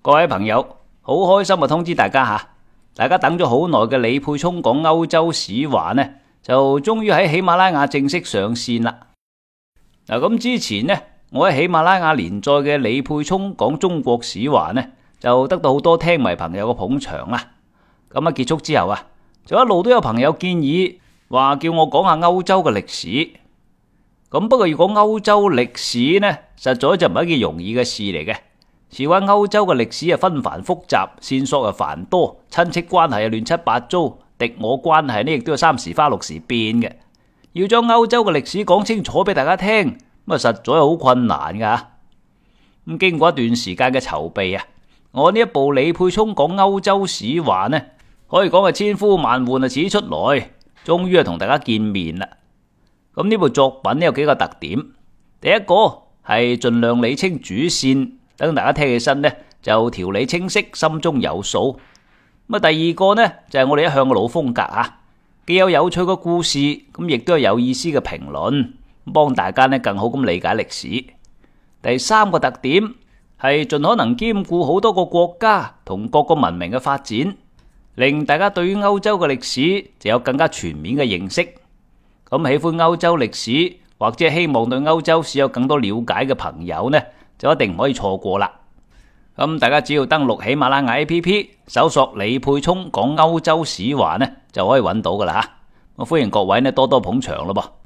各位朋友，好開心啊！通知大家吓，大家等咗好耐嘅李沛聰講歐洲史話呢，就終於喺喜馬拉雅正式上線啦！嗱，咁之前呢，我喺喜馬拉雅連載嘅李沛聰講中國史話呢，就得到好多聽迷朋友嘅捧場啦。咁啊，結束之後啊，就一路都有朋友建議話叫我講下歐洲嘅歷史。咁不過如果歐洲歷史呢，實在就唔係一件容易嘅事嚟嘅。事關歐洲嘅歷史啊，紛繁複雜，線索又繁多，親戚關係啊，亂七八糟，敵我關係呢，亦都有三時花六時變嘅。要將歐洲嘅歷史講清楚俾大家聽，咁啊，實在係好困難噶吓。咁經過一段時間嘅籌備啊，我呢一部李沛聰講歐洲史話呢，可以講係千呼萬喚啊始出來，終於係同大家見面啦。咁呢部作品呢，有幾個特點，第一個係盡量理清主線。等大家聽起身呢就條理清晰，心中有數。咁第二個呢，就係我哋一向嘅老風格吓，既有有趣嘅故事，咁亦都有有意思嘅評論，幫大家呢更好咁理解歷史。第三個特點係儘可能兼顧好多個國家同各個文明嘅發展，令大家對於歐洲嘅歷史就有更加全面嘅認識。咁喜歡歐洲歷史或者希望對歐洲史有更多了解嘅朋友呢，就一定唔可以錯過啦！咁、嗯、大家只要登錄喜馬拉雅 App，搜索李沛聰講歐洲史話呢，就可以揾到噶啦吓！我、啊、歡迎各位呢多多捧場咯噃。